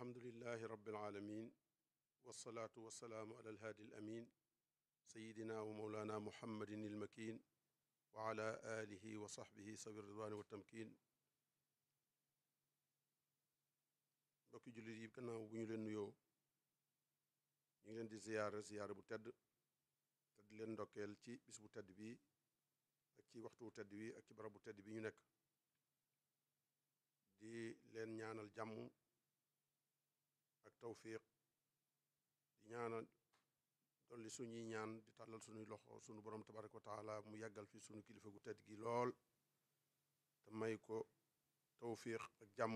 alhamdulilahi rabbil alamin wasalaatu wasalaamu ala alhaadi al amin wa mawlana muhammadin ilmakin wa ala alihi wa sahbihi sawi ridwani wa tamkin mbokki jullit yi gannaaw bu ñu leen nuyoo ñu ngi leen di ziyaara bu tedd te di leen ci bis bu tedd bi ak ci waxtu bu tedd bi ak ci barab tedd bi ñu nekk di leen ñaanal jàmm ak tawfiq di ñaana dolli suñuy ñaan di tàllal suñuy loxo sunu borom tabaraka wa taala mu yàggal fi suñu kilifa gu tedd gi lool te may ko tawfiq ak jàmm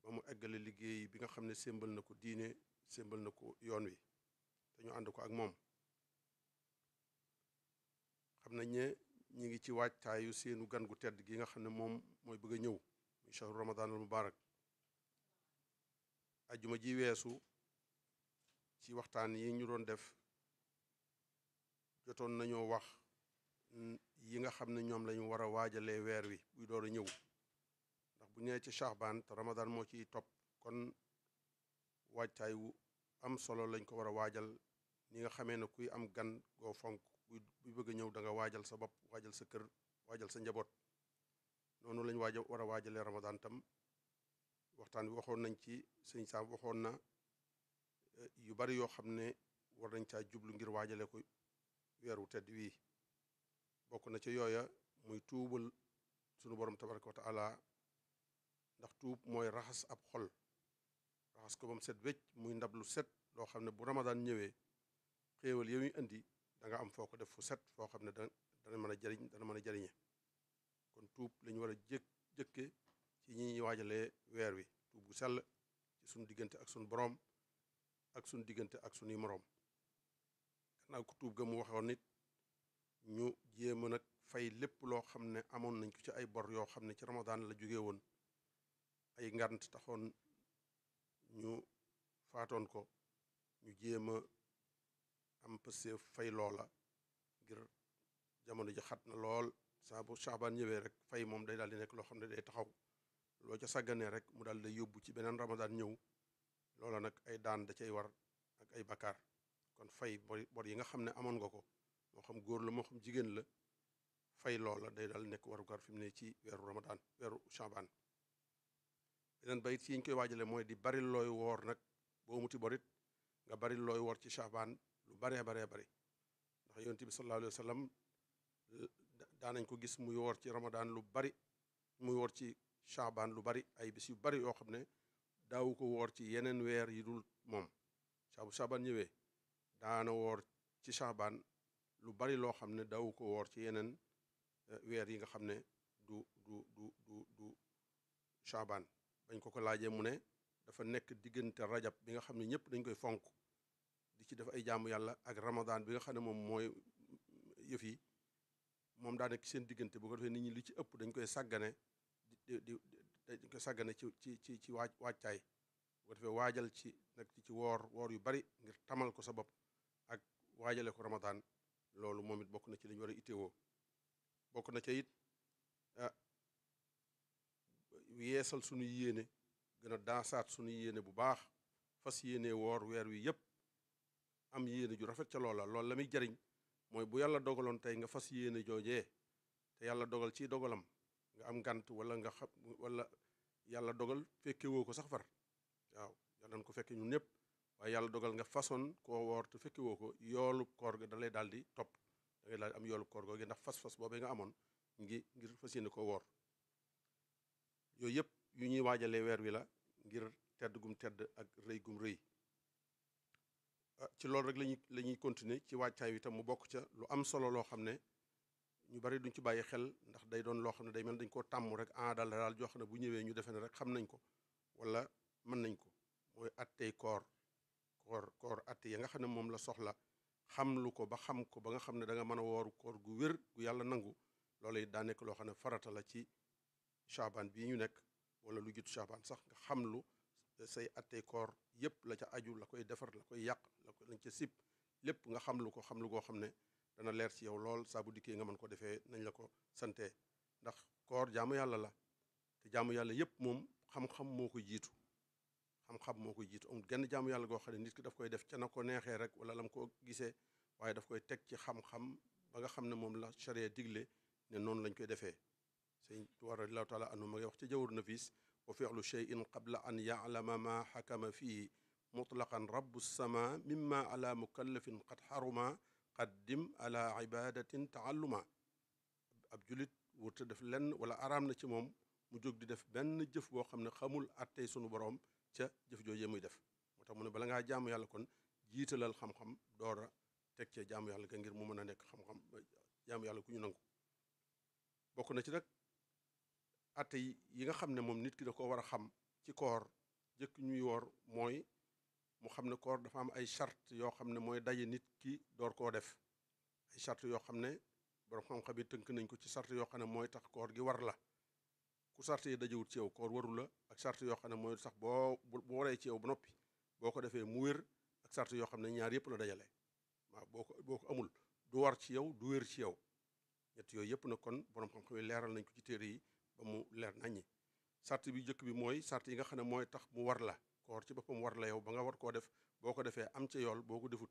ba mu eggale liggéey bi nga xam ne sémbal na ko diine sémbal na ko yoon wi te ñu ànd ko ak moom xam na ne ñi ngi ci waajtaayu seenu gan gu tedd gi nga xam ne moom mooy bëgg a ñëw muy shahru ramadan mubarak ajuma ji weesu ci waxtaan yi ñu doon def jotoon nañoo wax yi nga xam ne ñoom lañu war a waajalee weer wi buy door a ñëw ndax bu ñëwee ci Shahban te Ramadan moo ciy topp kon waajtaay wu am solo lañ ko war a waajal ni nga xamee ne kuy am gan goo fonk buy buy bëgg a ñëw danga waajal sa bopp waajal sa kër waajal sa njaboot noonu lañ waaja war a tam waxtaan bi waxoon nañ ci sëñ Saam waxoon na eh, yu bari yoo xam ne war nañ caa jublu ngir waajale ko wu tedd wii bokk na ca yooya muy tuubal sunu borom tabaraka wa taala ndax tuub mooy raxas ab xol raxas ko ba mu set wecc muy ndab lu set loo xam ne bu ramadaan ñëwee xéewal yow indi da nga am foo ko def fu set foo xam ne da dana mën a jariñ dana mën a jariñe kon tuub lañ war a jëkk jëkke ci ñi ñuy waajalee weer wi tuub gu sell ci suñu diggante ak suñu boroom ak suñu diggante ak suñuy moroom gannaaw ko tuub ga mu waxoon nit ñu jéema nag fay lépp loo xam ne amoon nañ ko ci ay bor yoo xam ne ci ramadaan la jóge woon ay ngant taxoon ñu faatoon ko ñu jéem a am pëseef fay loola ngir jamono ji xat na lool saa bu Saabaan ñëwee rek fay moom day daal di nekk loo xam ne day taxaw loo ca sàgganee rek mu daal day yóbbu ci beneen ramadaan ñëw loola nag ay daan da cay war ak ay bakaar kon fay bor yi nga xam ne amoon nga ko moo xam góor la moo xam jigéen la fay loola day daal nekk warugar fi mu ne ci weeru ramadaan weeru chambaan beneen bayit yi ñu koy waajale mooy di bari looy woor nag boo muti borit nga bari looy woor ci chambaan lu baree baree bari ndax yonent bi sallallahu alayhi wa sallam daanañ ko gis muy woor ci ramadaan lu bari muy woor ci Chaabaan lu bari ay bis yu bari yoo xam ne daawu ko woor ci yeneen weer yi dul moom saa bu ñëwee daana woor ci Chaabaan lu bari loo xam ne daawu ko woor ci yeneen eh, weer yi nga xam ne du du du du du bañ ko ko laajee mu ne dafa nekk diggante rajab bi nga xam ne ñëpp dañ koy fonk di ci def ay jaamu yàlla ak ramadan bi nga xam ne moom mooy mm, yëf yi moom daa nekk seen diggante bu ko defee nit ñi li ci ëpp dañ koy sàggane di di dañ ko sàggane ci ci ci ci waaj waajtaay bu ko waajal ci nag ci woor woor yu bari ngir tamal ko sa bopp ak waajale ko ramadaan loolu moom it bokk na ci li ñu war a bokk na ca it ah, yeesal sunu yéene gën a daasaat sunu yéene bu baax fas yéene woor weer wi yépp am yéene ju rafet ca loola loolu la muy jariñ mooy bu yàlla dogaloon tey nga fas yéene joojee te yàlla dogal ci dogalam nga am ngant wala nga xam walla yàlla dogal fekke woo ko sax far waaw yàlla ko fekke ñun ñëpp yàlla dogal nga façon koo woor te fekke woo ko yoolu koor ga da lay daal di topp da ngay daal di am yoolu koor googu ndax fas-fas boobee nga amoon ngi ngir fas yéene koo woor yooyu yëpp yu ñuy waajale weer wi la ngir tedd gum tedd ak rëy gum rëy ah, ci loolu rek lañuy la ñuy continuer ci wàccaay wi tam mu bokk ca lu am solo loo xam ne ñu bari duñ ci bàyyi xel ndax day doon loo xam ne day mel dañ koo tàmm rek en daal daal joo xam ne bu ñëwee ñu defee ne rek xam nañ ko wala mën nañ ko mooy attey koor koor koor atte ya nga xam ne moom la soxla xam lu ko ba xam ko ba nga xam ne da nga mën a wooru koor gu wér gu yàlla nangu loolu it daa nekk loo xam ne farata la ci chaban bii ñu nekk wala lu jut chaban sax nga xam lu say attey koor yépp la ca aju la koy defar la koy yàq la ko lañ ca sib lépp nga xam lu ko xam lu goo xam ne dana leer ci yow lool dikkee nga mën ko defee nañ la ko sante ndax koor jaamu yàlla la te jaamu yàlla yépp moom xam-xam moo ko jiitu xam-xam moo ko jiitu genn jaamu yàlla goo xam ne nit ki daf koy def ca na ko neexee rek wala lam ko gisee waaye daf koy teg ci xam-xam ba nga xam ne moom la charia digle ne noonu lañ koy defee sëñ war radiallahu taala anhu ma ngay wax ci jawur nafis wa fi'lu shay'in qabla an ya'lama ma xakama fii mutlaqan rabu sama mimma ala mukallafin qad xaruma qaddim ala ibadatin taalluma ab julit wurta def lenn wala araam na ci moom mu jóg di def benn jëf boo xam ne xamul attey sunu boroom ca jëf joojee muy def moo tax mu ne bala ngaa jaamu yàlla kon jiitalal xam-xam doora teg cee jaamu yàlla ka ngir mu mën a nekk xam-xam jaamu yàlla ku ñu nangu bokk na ci nag ate yi nga xam ne moom nit ki da ko war a xam ci koor jëkk ñuy woor mooy mu xam ne koor dafa am ay charte yoo xam ne mooy daje nit ki door koo def ay charte yoo xam ne borom xam-xam tënk nañ ko ci charte yoo xam ne mooy tax koor gi war la ku charte yi dajewut ci koor waru la ak charte yoo xam ne mooy sax boo boo waree ci yow noppi boo ko defee mu wér ak yoo xam ne ñaar yëpp la dajale waaw boo ko boo ko amul du war ci yow du wér ci ñett yooyu yëpp nag kon borom xam-xam leeral nañ ko ci yi ba mu leer naññi charte bi jëkk bi mooy charte yi nga xam ne mooy tax mu war la koor ci boppam war la yow ba nga war ko def boo ko defee am ci yool boo ko defut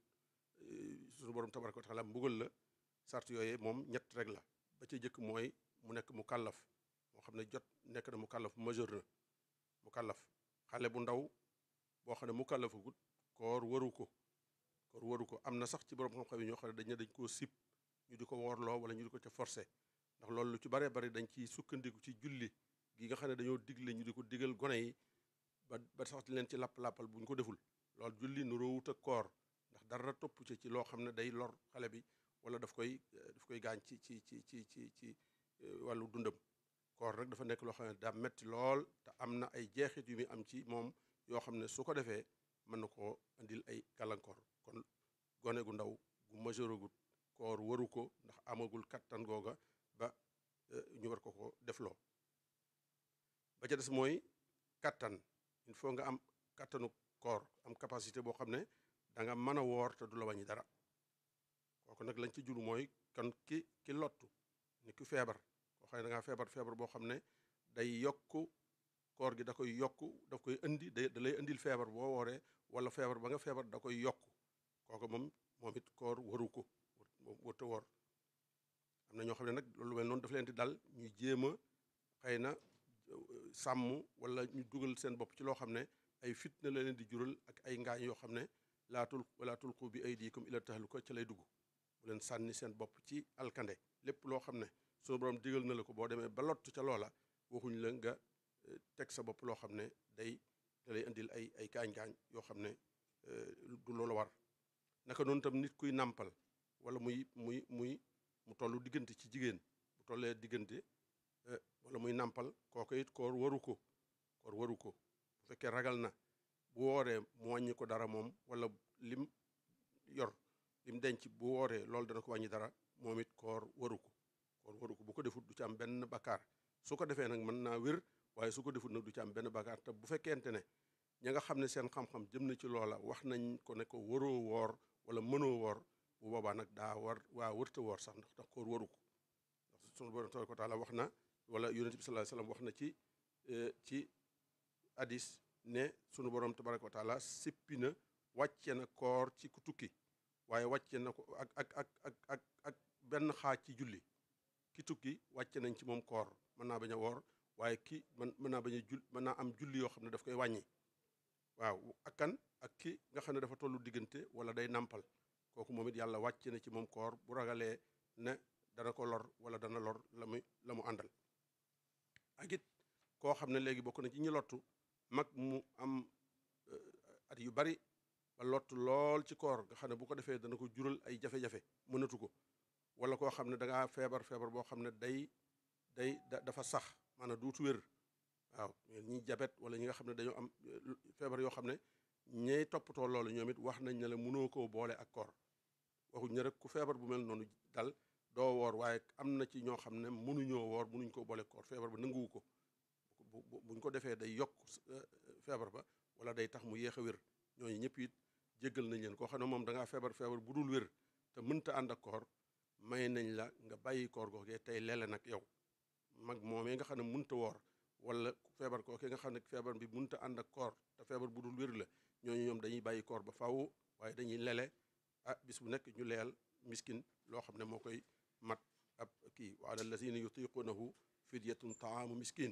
eh, suñu borom tabaraka wa taala mbugal la sart yooyu moom ñett rek la ba ci jëkk mooy mu nekk mu kàllaf moo xam ne jot nekk na mu kàllaf major na mu kàllaf xale bu ndaw boo xam ne mu kàllafagut koor waru ko koor waru ko am na sax ci borom xam-xam yi ñoo xam ne dañ dañ koo sib ñu di ko woorloo wala ñu di ko ca forcé ndax loolu lu ci baree bari dañ ci sukkandiku ci julli gi nga xam ne dañoo digle ñu di ko digal gone yi ba ba leen ci lapp-lappal buñ ko deful loolu julli nu roowut ak koor ndax dara topp ci loo xam ne day lor xale bi wala daf koy daf koy gaañ ci ci ci ci ci ci euh, wàllu dundam koor rek dafa nekk loo xam ne daa metti lool te am na ay jeexit yu muy am ci moom yoo xam ne su ko defee mën na koo indil ay gàllankoor kon gone gu ndaw gu majeuragut koor waru ko ndax amagul kattan googa ba euh, ñu war ko ko defloo ba ca des mooy kattan il faut nga am kattanu koor am capacité boo xam ne danga nga mën a woor te du la wàññi dara kooku nag lañ ci julu mooy kan ki ki lottu ni ki feebar ko xam ne da ngaa feebar feebar boo xam ne day yokk koor gi da koy yokk daf koy indi da lay indil feebar boo wooree wala feebar ba nga feebar da koy yokku kooku moom moom it koor waru ko woor am na ñoo xam ne nag loolu mel noonu daf leen di dal ñu jéem a xëy na sàmm wala ñu dugal seen bopp ci loo xam ne ay fit na leen di jural ak ay ngaañ yoo xam ne laatul wala tulqu bi aydikum lu ko ca lay dugg bu leen sànni seen bopp ci alkande lépp loo xam ne sunu borom digal na la ko boo demee ba lott ca loola waxuñ la nga eh, teg sa bopp loo xam ne day da lay indil ay ay gaañ yoo xam ne eh, du loolu war naka noonu tam nit kuy nàmpal wala muy muy muy mu tollu diggante ci jigéen bu tollee diggante Eh, wala muy nàmpal kooku it koor waru ko koor waru ko bu fekkee ragal na bu wooree mu wàññi ko dara moom wala lim yor lim denc bu wooree loolu dana ko wàññi dara moom it koor waru ko koor waru ko bu ko defut du ci am benn bakkaar su ko defee nag mën naa wér waaye su ko defut nag du ci am benn bakkaar te bu fekkente ne ña nga xam ne seen xam-xam jëm na ci loola wax nañ ko ne ko waroo woor wala mënoo woor bu boobaa nag daa war waa wërta woor sax ndax ndax koor waru ko ndax sunu borom tabaaraka wa wax na wala yonent bi sallallahu alayhi wasallam wax na ci euh, ci hadis ne sunu borom tabaraka wa taala sippi na wàcce na koor ci ku tukki waaye wàcce na ko ak ak ak ak ak ak benn xaaj ci julli ki tukki wàcce nañ ci moom koor mën naa bañ a woor waaye ki man mën naa bañ a jul mën naa am julli yoo xam ne daf koy wàññi waaw ak kan ak ki nga xam ne dafa tollu diggante wala day nàmpal kooku moom it yàlla wàcce na ci moom koor bu ragalee ne dana ko lor wala dana lor la muy la mu àndal ak koo xam ne léegi bokk na ci ñi lottu mag mu am euh, at yu bari ba lottu lool ci koor nga xam ne bu ko defee dana ko jural ay jafe-jafe mënatu ko wala koo xam ne danga feebar feebar boo xam ne day day dafa sax maanaam duutu wér waaw ñi jabet wala ñi nga xam ne dañoo am euh, feebar yoo xam ne ñay toppatoo loolu ñoom it wax nañ ne la mënoo koo boole ak koor waxuñ ne rek ku feebar bu mel noonu dal doo woor waaye am na ci ñoo xam ne mënuñoo woor mënuñ ko boole koor feebar ba nanguwu ko bu buñ ko defee day yokk euh, feebar ba wala day tax mu yéex a wér ñooñu ñëpp it jéggal nañ leen koo xam ne moom dangaa feebar feebar bu dul wér te mënta ànd ak may nañ la nga bàyyi koor googee tey leele nag yow mag moomee nga xam ne mënta woor wala feebar kookee nga xam ne feebar bi mënta ànd ak koor te feebar bu dul wér la ñooñu ñoom dañuy bàyyi koor ba faw waaye dañuy lele ah bis bu nekk ñu leyal miskin loo xam ne moo koy mat ab kii wa ala lazina yutiqunahu fidyatun taamu miskin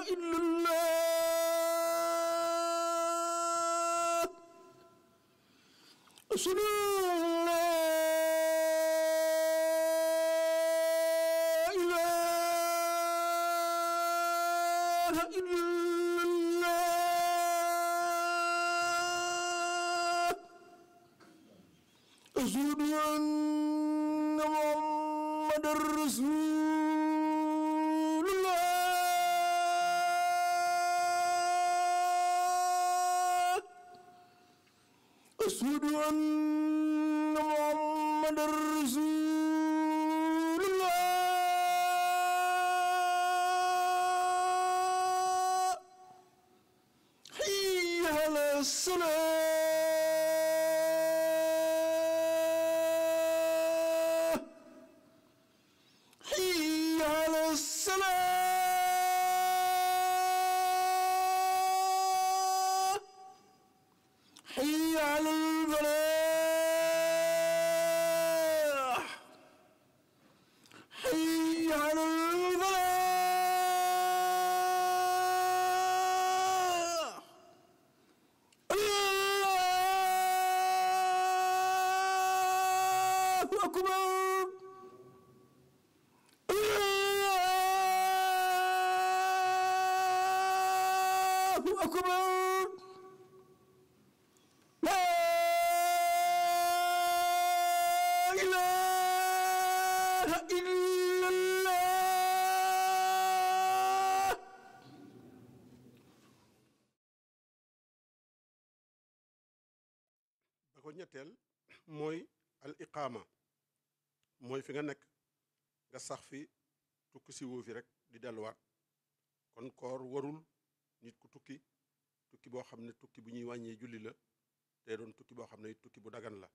ilaha illallah أكبر الله أكبر si woo rek di delluwaat kon koor warul nit ku tukki tukki boo xam ne tukki bu ñuy wàññee julli la te doon tukki boo xam ne tukki bu dagan la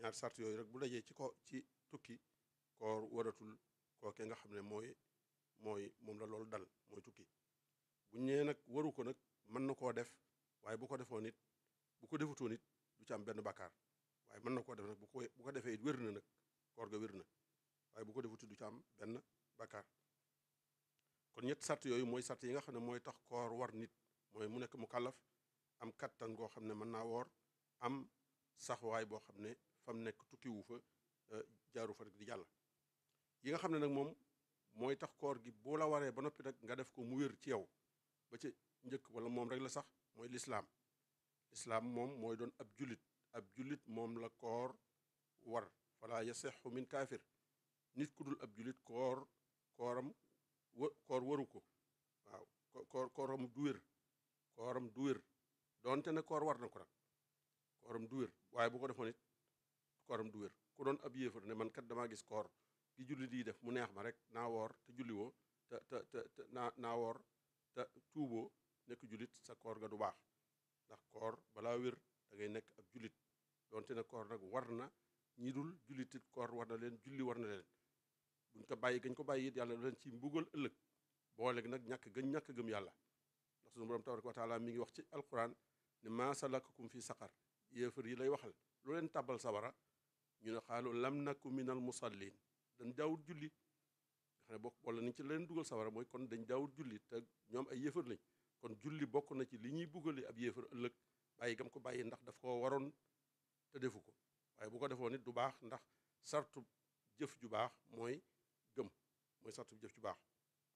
ñaar sart yooyu rek bu dajee ci ko ci tukki koor waratul kookee nga xam ne mooy mooy moom la loolu dal mooy tukki bu ñee nag waru ko nag mën na koo def waaye bu ko defoo nit bu ko defutoo nit du ci am benn bakaar waaye mën na koo def nag bu ko bu ko defee it wér na nag koor ga wér na waaye bu ko defuti du ci am benn bakar kon ñett sart yooyu mooy sart yi nga xam ne mooy tax koor war nit mooy mu nekk mu kàllaf am kattan goo xam ne mën naa woor am saxwaay boo xam ne fa mu nekk tukkiwu fa euh, jaaru fa di jàll yi nga xam ne nag moom mooy tax koor gi boo la waree ba noppi rek nga def ko mu wér ci yow ba ci njëkk wala moom rek la sax mooy lislaam lislaam moom mooy doon ab jullit ab jullit moom la koor war fala yasixu min kaafir nit ku dul ab jullit koor kooram wa koor waru ko waaw koor kooram du wér kooram du donte ne koor war na ko nag kooram du wér waaye bu ko defoon it kooram du wér ku doon ab yéefar ne man kat damaa gis koor gi julli di def mu neex ma rek naa woor te julli woo te te te tuuboo nekk jullit sa koor ga du baax ndax koor balaa wér dangay nekk ab jullit donte ne koor nag war na ñi dul jullitit koor war na leen julli war na leen buñ ko bàyyi gañ ko bàyyi it yàlla leen ci mbugal ëllëg boole nag ñàkk gën ñàkk gëm yàlla ndax suñu borom tabaraka ko taala mi ngi wax ci alquran ne maa salakakum fi saqar yéefar yi lay waxal looleen leen tàbbal sawara ñu ne xaalo lam naku minal musallin dañ daawut julli nga xam ne bokk wala nañ ci leen dugal sawara mooy kon dañ daawut julli te ñoom ay yéefar lañ kon julli bokk na ci li ñuy buggali ab yéefar ëllëg bàyyi gam ko bàyyi ndax daf ko waroon te defu ko waaye bu ko defoon nit du baax ndax sartu jëf ju baax mooy mooy sartu bu jëf ju baax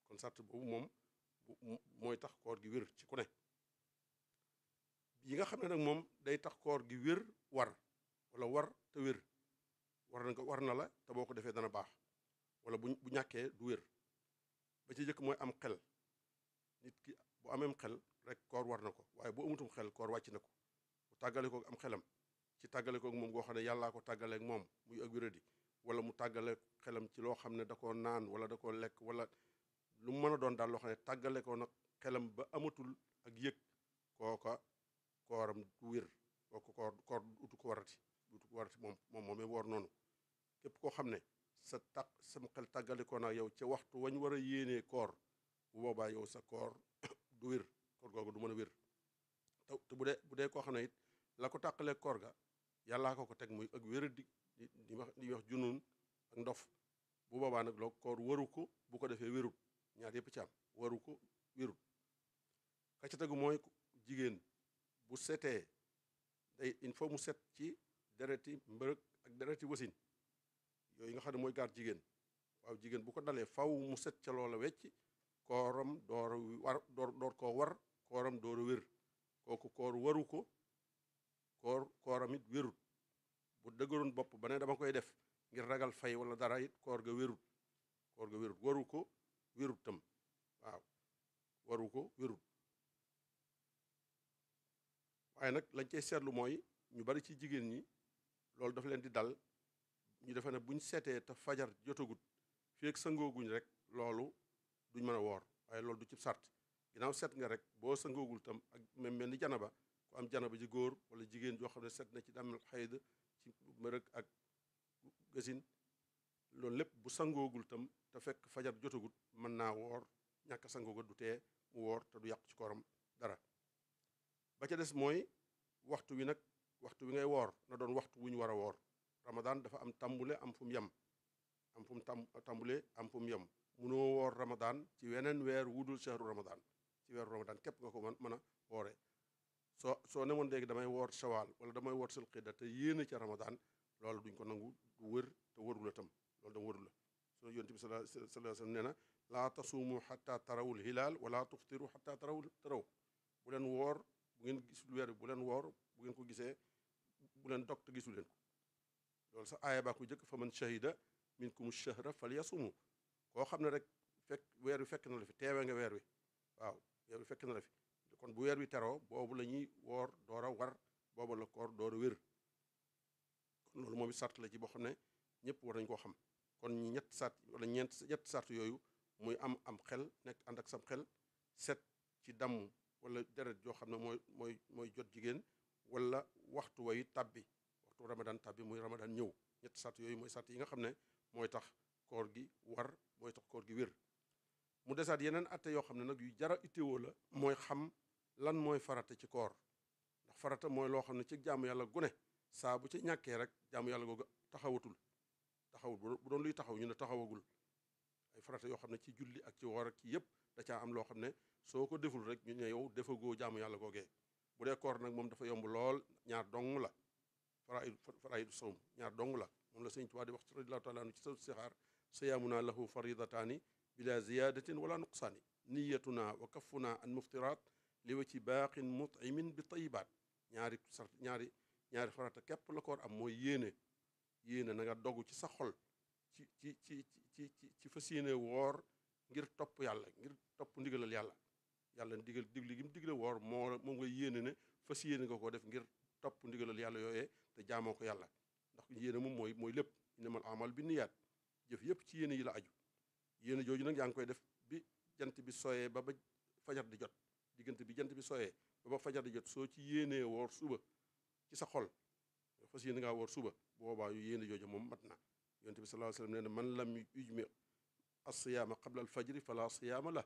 kon sart boobu moom mooy tax koor gi wér ci ku ne yi nga xam ne nag moom day tax koor gi wér war wala war te wér war na war na la te boo ko defee dana baax wala bu bu ñàkkee du wér ba ci jëkk mooy am xel nit ki bu ameem xel rek koor war na ko waaye bu amutum xel koor wàcc na ko bu tàggale koog am xelam ci tàggale koog moom goo xam ne yàllaa ko tàggaleeg moom muy ak wéradi wala mu tàggale xelam ci loo xam ne da ko naan wala da koo lekk wala lu mu mën a doon daal loo xam ne tàggale ko nag xelam ba amatul ak yëg kooka kooram du wér kooka koor koor utu ko warati utu ko moom moom moomee woor noonu képp koo xam ne sa taq xel tàggale ko nag yow ca waxtu wañ war a yéenee koor bu sa koor du wér koor googu du mën a wér te bu dee dee koo xam ne it la ko tàqalee koor ga yàllaa ko ko teg mu ak wér di di di wax di wax junun ak ndof bu boobaa nag loo koor waru ko bu ko defee wérut ñaar yëpp ci am waru ko wérut ka ca tegu mooy jigéen bu setee day il faut mu set ci dereti mbërëg ak dereti wasin yooyu nga xam ne mooy gaar jigéen waaw jigéen bu ko dalee faw mu set ca loola wecc kooram door war door door koo war kooram door a wér kooku koor waru ko koor kooram it bu dëgëroon bopp ba ne dama koy def ngir ragal fay wala dara it koor ga wérut koor ga wérut waru ko wérut tam waaw waru ko wérut waaye nag lañ cey seetlu mooy ñu bari ci jigéen ñi loolu dafa leen di dal ñu defe ne buñ seetee te fajar jotagut fii ak sëngooguñ rek loolu duñ mën a woor waaye loolu du ci sart ginnaaw seet nga rek boo sëngoogul tam ak même mel ni janaba ku am janaba ci góor wala jigéen joo xam ne seet na ci dam xayd ci mërëg ak gasin loolu lépp bu sangoogul tam te fekk fajar jotagut mën naa woor ñàkk a sangooga du tee mu woor te du yàq ci koram dara ba ca des mooy waxtu wi nag waxtu wi ngay woor na doon waxtu wu ñu war a woor ramadaan dafa am tàmbule am fu mu yem am fu mu tam tàmbule am fu mu yem munoo woor ramadaan ci weneen weer wudul shahru ramadaan ci weeru ramadaan képp nga ko mën mën a woore soo soo nemoon léegi damay woor sawaal wala damay woor sul xidda te yéene ca ramadaan loolu duñ ko nangu du wër te wëru la tam loolu dama wëru la soo yonent bi sallallahu sa wa sallam nee na laa tasuumu xata tarawul hilaal wala tuftiru xata tarawul taraw bu leen woor bu ngeen gis lu bu leen woor bu ngeen ko gisee bu leen dog te gisu leen ko loolu sax aaya baa ko jëkk fa man shahida minkum shahra falyasumu koo xam ne rek fekk weeru fekk na la fi teewe nga weer wi waaw weer fekk na fi kon bu weer wi teroo boobu la ñuy woor door war boobu la koor door a wér kon loolu moom it sart la ci boo xam ne ñëpp war nañ koo xam kon ñett sart wala ñeent ñett sart yooyu muy am am xel nekk ànd ak sam xel set ci damm wala deret joo xam ne mooy mooy mooy jot jigéen wala waxtu wayu tàbbi waxtu ramadan tàbbi muy ramadan ñëw ñett sart yooyu mooy sart yi nga xam ne mooy tax koor gi war mooy tax koor gi wér mu desaat yeneen atte yoo xam ne nag yu jara itteewoo la mooy xam lan mooy farata ci koor ndax farata mooy loo xam ne ci jaamu yàlla gune saa bu ci ñàkkee rek jaamu yàlla googu taxawatul taxawul bu doon luy taxaw ñu ne taxawagul ay farata yoo xam ne ci julli ak ci woor ak ci yëpp da caa am loo xam ne soo ko deful rek ñu ne yow defagoo jaamu yàlla googee bu dee koor nag moom dafa yomb lool ñaar dong la faraid faraidu sawm ñaar dong la moom la sëñ Tuubaa di wax ci radiallahu taala anu ci sa sixaar siyaamuna lahu faridataani bila ziyadatin wala nuqsaani niyatuna wa kafuna an muftiraat li ci baaxin mutimin bi tayibaat ñaari sart ñaari ñaari farata képp la koor am mooy yéene yéene na nga dogu ci sa xol ci ci ci ci ci ci fas yéene woor ngir topp yàlla ngir topp ndigalal yàlla yàlla ndigal digli gi mu digle woor moo moom nga yéene ne fas yéene nga ko def ngir topp ndigalal yàlla yooyee te jaamoo ko yàlla ndax yéene moom mooy mooy lépp innamal amal bi niyaat jëf yëpp ci yéene yi la aju yéene jooju nag yaa ngi koy def bi jant bi sooyee ba ba fajar di jot diggante bi jant bi sooyee ba ba fajar di jot soo ci yéenee woor suba ci sa xol fas yéene ngaa woor suba boobaa yu yéene jooju moom mat na yonent bi sallallahu man lam yujmi as-siyaama qabla al-fajri fala la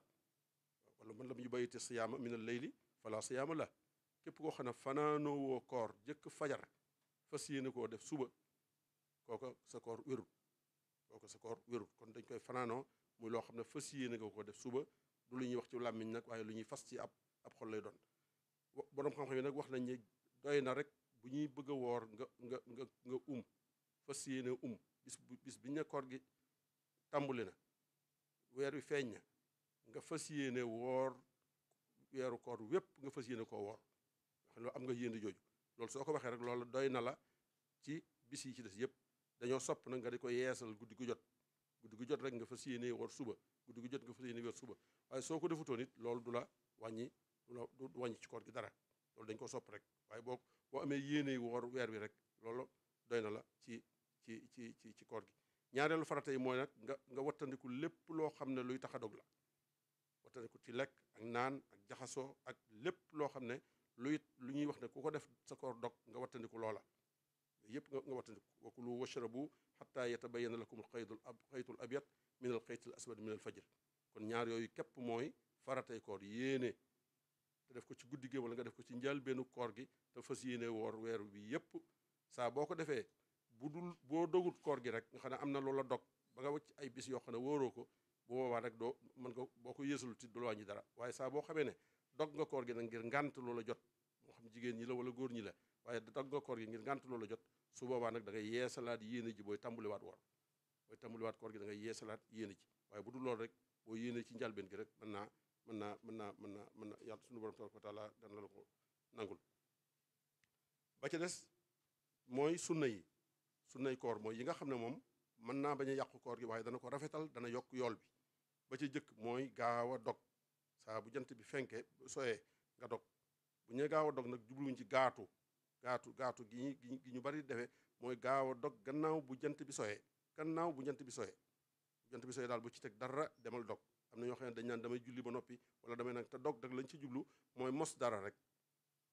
wala man lam yubayyit as-siyaama min al-layli fala siyaama la képp koo xam ne fanaanoo woo koor jëkk fajar fas yéene koo def suba kooka sa koor wérut kooka sa koor wérut kon dañ koy fanaanoo muy loo xam ne fas yéene nga koo def suba du lu ñuy wax ci làmmiñ nag waaye lu ñuy fas ci ab ab xol lay doon borom xam-xam yi nag wax nañ ne doy na rek bu ñuy bëgg a woor nga nga nga nga um fas yéene um bis bu bis biñ ne koor gi tàmbali na weer wi feeñ na nga fas yéene woor weeru koor wépp nga fas yéene koo woor loolu am nga yéen jooju loolu soo ko waxee rek loolu doy na la ci bis yi ci des yëpp dañoo sopp nag nga di ko yeesal guddi gu jot guddi gu jot rek nga fas yéene woor suba guddi gu jot nga fas yéene woor suba waaye soo ko defutoo it loolu du la wàññi mun a du wàññi ci koor gi dara loolu dañ ko sopp rek waaye boo boo amee yéene woor weer wi rek loolu doy na la ci ci ci ci ci koor gi ñaareelu farata mooy nag nga nga wattandiku lépp loo xam ne luy tax a dog la ci lekk ak naan ak jaxasoo ak lépp loo xam ne luy lu ñuy wax ne ku ko def sa koor dog nga wattandiku loola yëpp nga nga wattandiku wa kulu washrabu xataa yatabayana lakum alxaytul ab xaytul abyad min alxaytil aswad min alfajr kon ñaar yooyu képp mooy faratay koor yéene def ko ci guddi gi wala nga def ko ci njëlbeenu koor gi te fas yéene woor weer wi yépp saa boo ko defee bu dul boo dogut koor gi rek nga xam ne am na loola dog ba nga wacc ay bis yoo xam ne wóoroo ko bu rek doo mën ko boo ko yéesalu ti dul wàññi dara waaye saa boo xamee ne dog nga koor gi nag ngir ngànt loola jot moo xam jigéen ñi la wala góor ñi la waaye dog nga koor gi ngir ngànt loola jot su boobaa nag da ngay yeesalaat yéene ji booy tàmbaliwaat woor booy tàmbaliwaat koor gi da ngay yeesalaat yéene ji waaye bu dul loolu rek boo yéene ci njalbeen gi rek man naa mën naa mën naa mën naa mën na yàlla suñu borom tabaraka wa taala dana la ko nangul ba ca des mooy sunna yi sunnay koor mooy yi nga xam ne moom mën naa bañ a yàqu koor gi waaye dana ko rafetal dana yokk yool bi ba ci jëkk mooy gaaw a dog saa bu jant bi fenke soyee nga dog bu ñu gaaw a dog nag jubluñ ci gaatu gaatu gaatu gi gi ñu bari defee mooy gaaw a dog gannaaw bu jant bi soyee gannaaw bu jant bi soyee bu jant bi soyee daal bu ci teg dara demal dog am na ñoo xam ne dañ naan damay julli ba noppi wala damay nag te dog dag lañ ci jublu mooy mos dara rek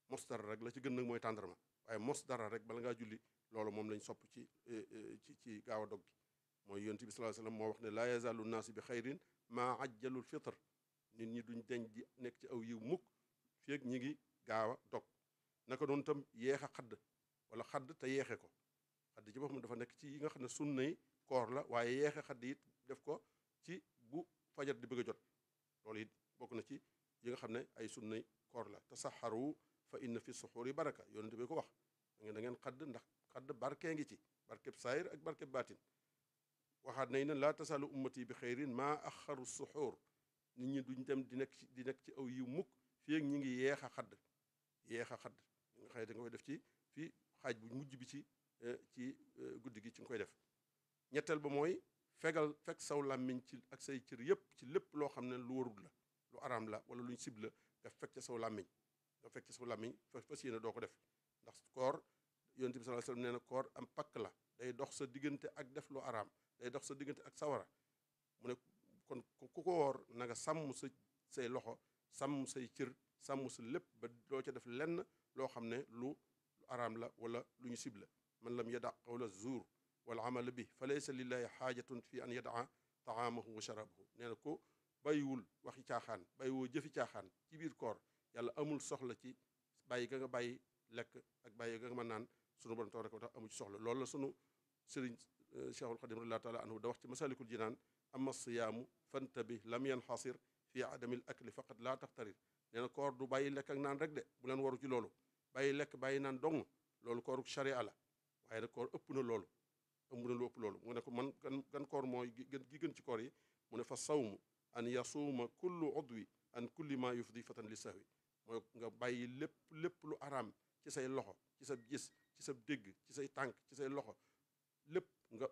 mos dara rek la ci gën nag mooy tàndarma waaye mos dara rek bala ngaa julli loolu moom lañ sopp ci e, e, ci ci gaaw a dog gi mooy yonent bi sallallahu alayhi wasallam moo wax ne laa yazaalu naasu bi xayrin maa ajjalul fitr nit ñi duñ deñ di nekk ci aw yiw mukk fii ak ñi ngi gaaw a dog naka doon tam yeex a xadd wala xadd te yeexe ko xadd ci boppam dafa nekk ci yi nga xam ne sunna yi koor la waaye yeexe xadd def ko ci fajar di bëgg a jot loolu it bokk na ci yi nga xam ne ay sunna koor la tasaxaru fa inna fi suxuuri baraka yonente bi ko wax da ngeen da ngeen xadd ndax xadd barkee ngi ci barkeb saayir ak barkeb baatin waxaat nañ ne laa tasaalu ummati bi xeyrin maa axaru suxuur nit ñi duñ dem di nekk di nekk ci aw yiw mukk fii ak ñi ngi yeex a xadd yeex a xadd nga xëy da nga koy def ci fii xaaj bu mujj bi ci eh, ci eh, guddi gi ci nga koy def ñetteel ba mooy fegal fekk saw làmmiñ ci ak say cër yépp ci lépp loo xam ne lu warul la lu araam la wala luñ sib fekk ca saw fekk ca làmmiñ fas doo ko def ndax koor yonent bi sallallahu alayhi wasallam nee na koor am pakk la day dox sa diggante ak def lu araam day dox sa diggante ak sawara mu ne ku ko woor na nga sa say loxo sàmm say cër sàmm sa lépp ba doo ca def lenn loo xam ne lu araam la wala lu ñu sib la man lam yada qawla walamal bi fa laysa lillahi xaajatun fi an yadaa taamahu wa sharabahu nee na ko bàyyiwul waxi caaxaan bàyyiwoo jëfi caaxaan ci biir koor yàlla amul soxla ci bàyyi ga nga bàyyi lekk ak bàyyi ga nga mën naan sunu borom tabaraka wa taala amu ci soxla loolu la sunu sëriñ eh, cheikhul xadim radiallahu taala anhu da wax ci masalikul jinaan ama siyaamu fantabih lam yanxasir fi adamil akli faqat laa taxtarir nee na koor du bàyyi lekk ak naan rek de bu leen waru ci loolu bayi lekk bàyyi naan dong loolu kooru sharia la waaye nag koor ëpp na loolu ëmb na lu ëpp loolu mu ne ko man gan gan koor mooy gi gën gi gën ci koor yi mu ne fa sawmu an yasuuma kullu udwi an kulli ma yufdi fatan li sahwi mooy nga bàyyi lépp lépp lu araam ci say loxo ci sa gis ci sa dégg ci say tànk ci say loxo lépp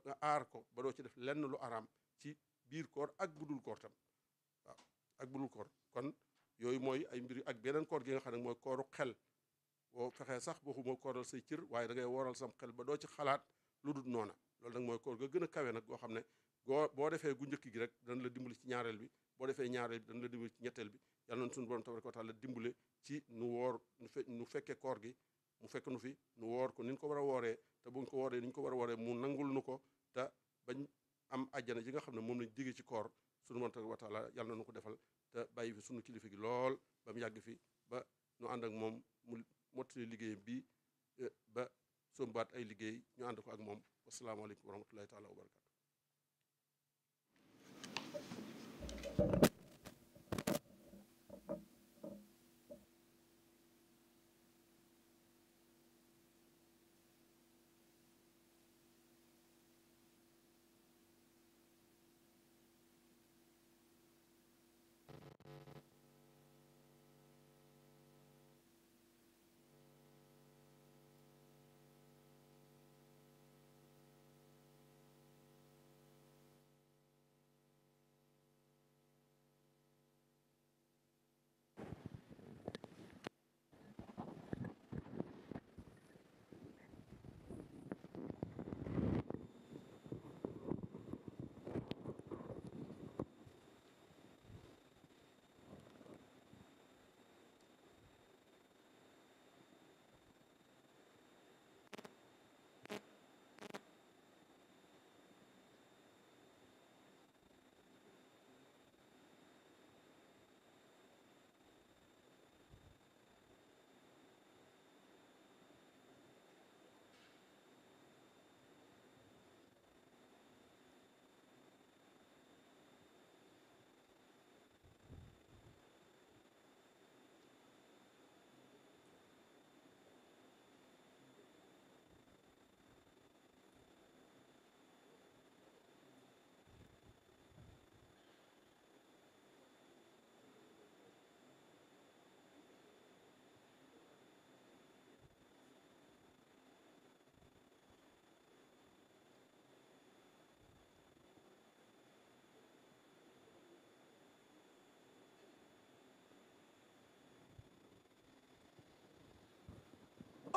nga aar ko ba doo ci def lenn lu araam ci biir koor ak budul koor tam waaw ak budul koor kon yooyu mooy ay mbir ak beneen koor gi nga xam ne mooy kooru xel boo fexee sax boo xuma kooral say cër waaye da ngay waral sam xel ba doo ci xalaat lu dul noona loolu nag mooy koor ga gën a kawe nag goo xam ne goo boo defee gu njëkk gi rek dana la dimbali ci ñaareel bi boo defee ñaareel bi dana la dimbali ci ñetteel bi yàlla na suñu borom tabaraka wa taala dimbale ci nu woor nu fekkee koor gi mu fekk nu fi nu woor ko ni ko war a wooree te buñ ko wooree ni ko war a wooree mu nangul nu ko te bañ am àjjana ji nga xam ne moom lañ digee ci koor suñu borom tabaraka wa taala yàlla ko defal te bàyyi fi suñu kilifa gi lool ba yàgg fi ba nu ànd ak moom mu mottali liggéeyam bi eh, sombaat ay liggéey ñu ànd ko ak moom wasalaamaaleykum wa rahmatullahi taala wa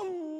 Oh!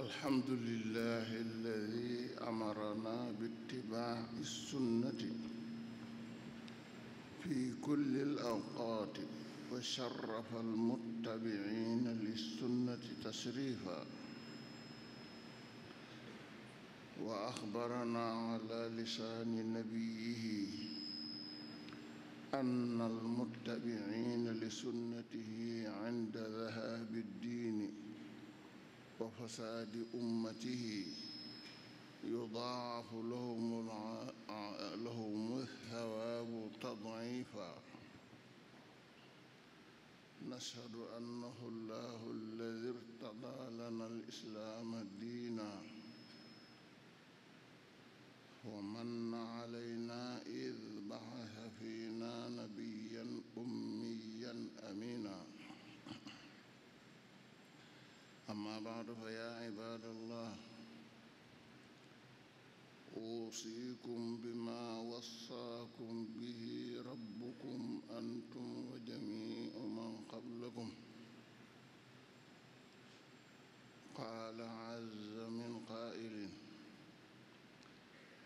الحمد لله الذي أمرنا باتباع السنة في كل الأوقات وشرف المتبعين للسنة تشريفا وأخبرنا على لسان نبيه أن المتبعين لسنته عند ذهاب الدين وفساد أمته يضاعف لهم لهم الثواب تضعيفا نشهد أنه الله الذي ارتضى لنا الإسلام دينا ومن علينا إذ أما بعد فيا عباد الله أوصيكم بما وصاكم به ربكم أنتم وجميع من قبلكم قال عز من قائل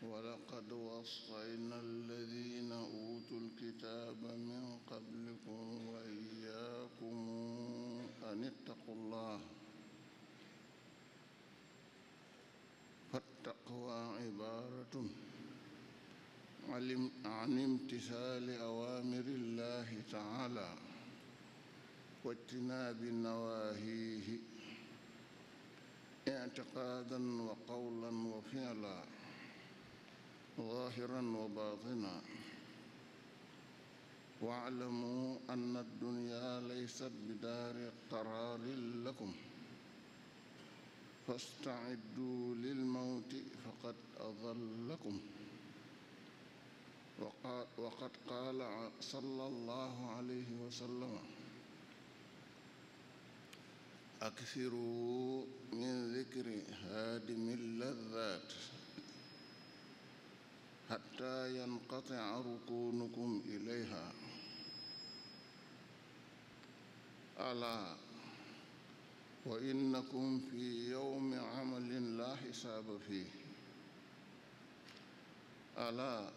ولقد وصينا الذين أوتوا الكتاب من قبلكم وإياكم أن اتقوا الله التقوى عبارة عن امتثال أوامر الله تعالى واجتناب نواهيه اعتقادا وقولا وفعلا ظاهرا وباطنا واعلموا أن الدنيا ليست بدار قرار لكم fastacidduu lilmawti faqad adallakum wa qad qaala sallallahu alayhi wa sallama aksiruu min dikri haadimi lladaat xataa yanqatica rukuunukum ilayha alaa wa innakum fi yowmi amalin laa xisaaba fii alaa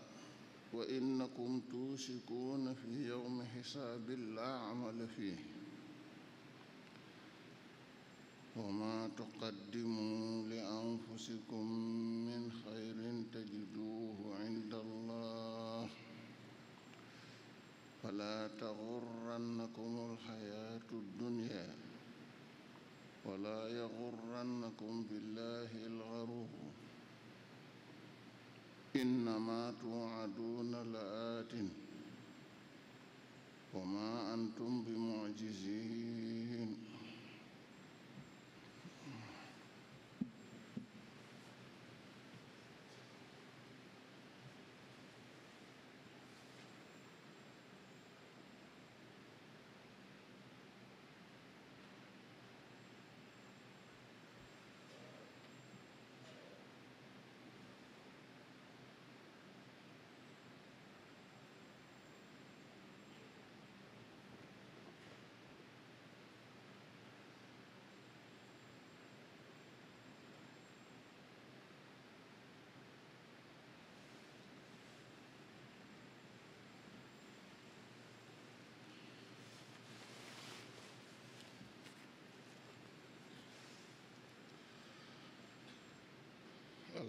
wa innakum tuusikuuna fi yowmi xisaabin laa amala fii wa maa tuqaddimuu li anfusikum min xayrin tajiduuhu inda allah falaa taxurrannakum alxayaatu dunya ولا يغرنكم بالله الغرور إنما توعدون لآت وما أنتم بمعجزين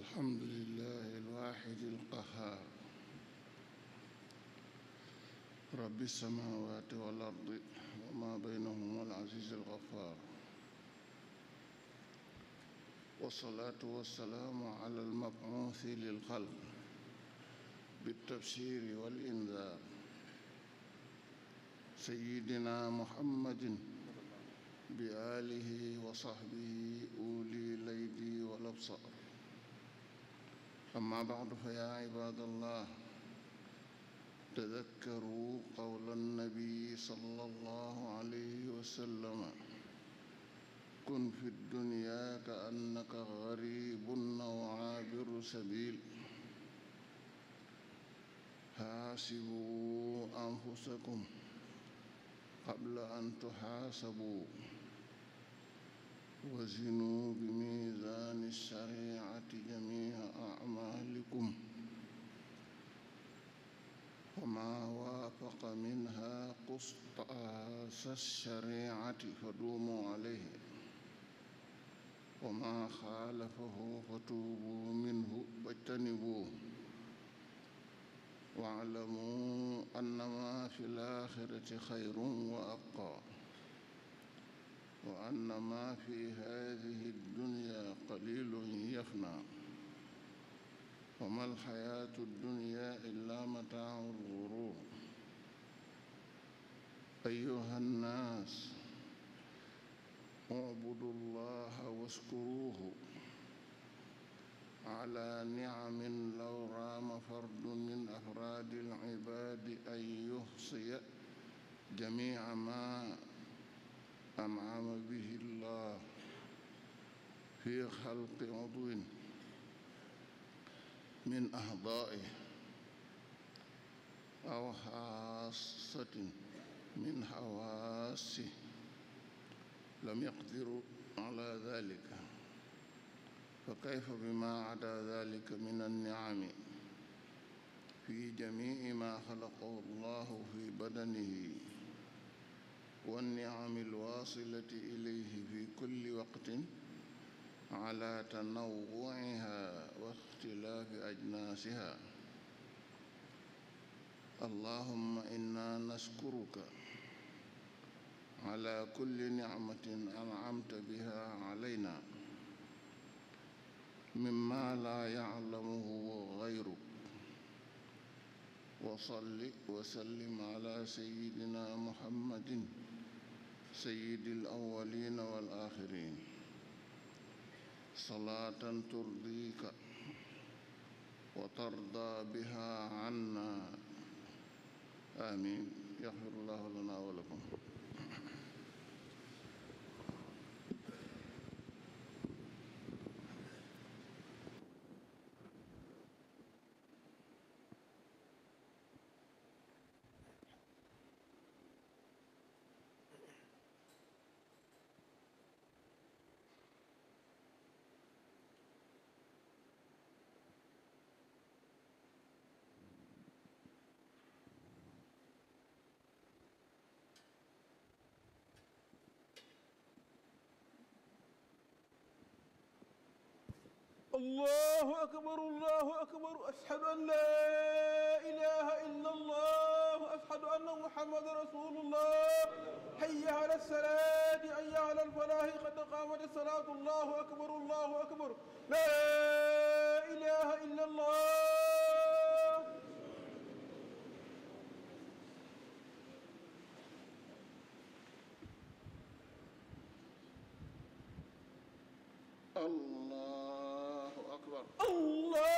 الحمد لله الواحد القهار رب السماوات والأرض وما بينهما العزيز الغفار والصلاة والسلام على المبعوث للخلق بالتبشير والإنذار سيدنا محمد بآله وصحبه أولي الأيدي والأبصار أما بعد فيا عباد الله تذكروا قول النبي صلى الله عليه وسلم كن في الدنيا كأنك غريب أو عابر سبيل حاسبوا أنفسكم قبل أن تحاسبوا وزنوا بميزان الشريعة جميع أعمالكم وما وافق منها قسطاس الشريعة فدوموا عليه وما خالفه فتوبوا منه واجتنبوه واعلموا أن ما في الآخرة خير وأبقى وأن ما في هذه الدنيا قليل يفنى وما الحياة الدنيا إلا متاع الغرور أيها الناس اعبدوا الله واشكروه على نعم لو رام فرد من أفراد العباد أن يحصي جميع ما أنعم به الله في خلق عضو من أعضائه أو حاصة من حواسه لم يقدروا على ذلك فكيف بما عدا ذلك من النعم في جميع ما خلقه الله في بدنه والنعم الواصلة إليه في كل وقت على تنوعها واختلاف أجناسها اللهم إنا نشكرك على كل نعمة أنعمت بها علينا مما لا يعلمه غيرك وصل وسلم على سيدنا محمد سيد الأولين والآخرين صلاة ترضيك وترضى بها عنا آمين يغفر الله لنا ولكم allahu akbar allahu akbar ashhadu an la ilaha illa allah ashhadu anna muhammadan rasulullah hayya ala salaati hayya ala alfalahi qad qaamat salaatu allahu akbar allahu akbar la ilaha illa allah allah الله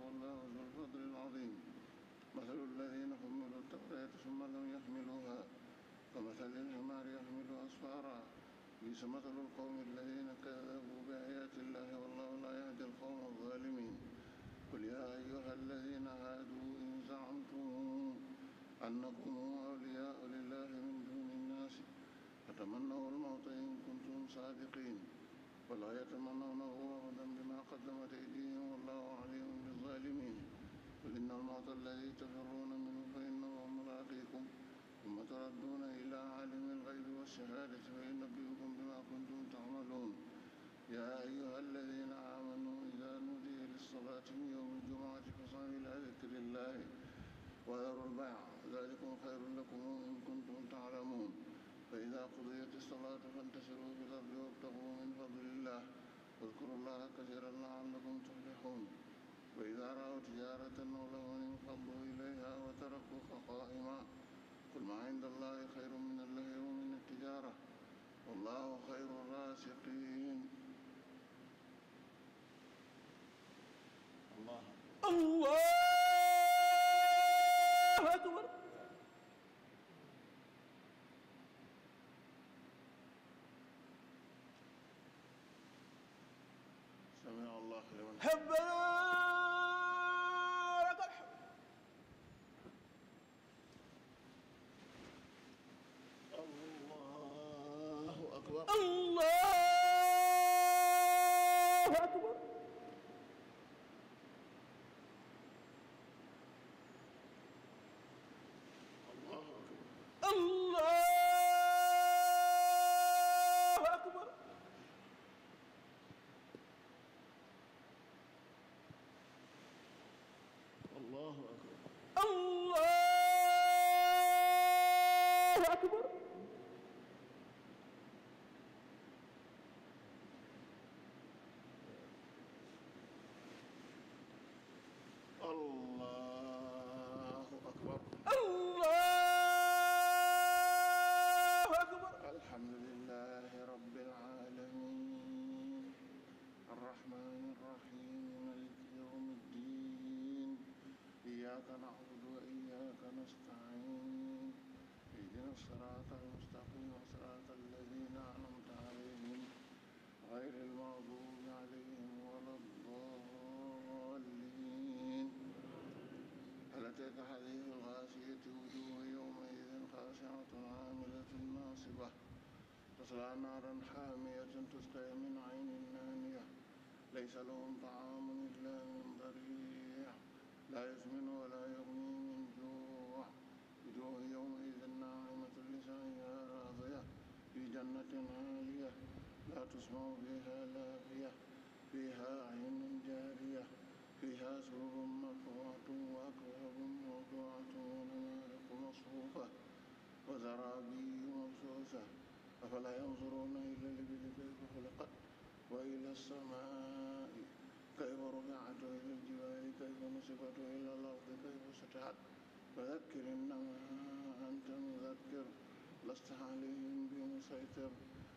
بئس مثل القوم الذين كذبوا بآيات الله والله لا يهدي القوم الظالمين قل يا أيها الذين هادوا إن زعمتم أنكم كثيرا لعلكم تفلحون وإذا رأوا تجارة أو لهوا انقضوا إليها وتركوك قائما قل ما عند الله خير من الله ومن التجارة والله خير الرازقين الله الله ربنا لك الحمد الله أكبر الله Allahu akbar غير المغضوب عليهم ولا الضالين هل أتاك حديث الغاشية وجوه يومئذ خاشعة عاملة ناصبة تصلى نارا حامية تسقى من عين آنية ليس لهم طعام إلا من ضريع لا يسمن ولا يغني من جوع وجوه يومئذ ناعمة لسعيها راضية في جنة عالية لا تسمع بها لاغية فيها عين جارية فيها سرر مرفوعة وأكواب موضوعة ونمارق مصفوفة وزرابي مبثوثة أفلا ينظرون إلى الإبل كيف خلقت وإلى السماء كيف رفعت إلى الجبال كيف نصبت إلى الأرض كيف سطحت فذكر إنما أنت مذكر لست عليهم بمسيطر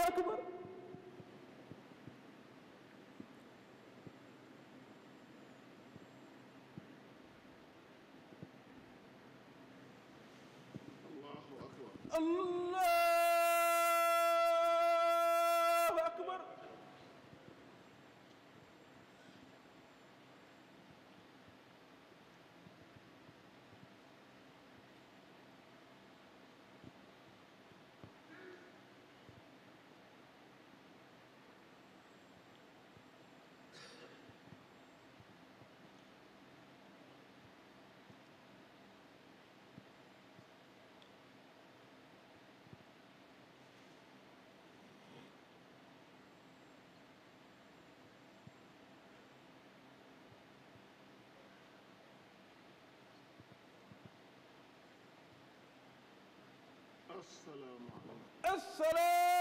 allahu akbar asalaamaaleykum.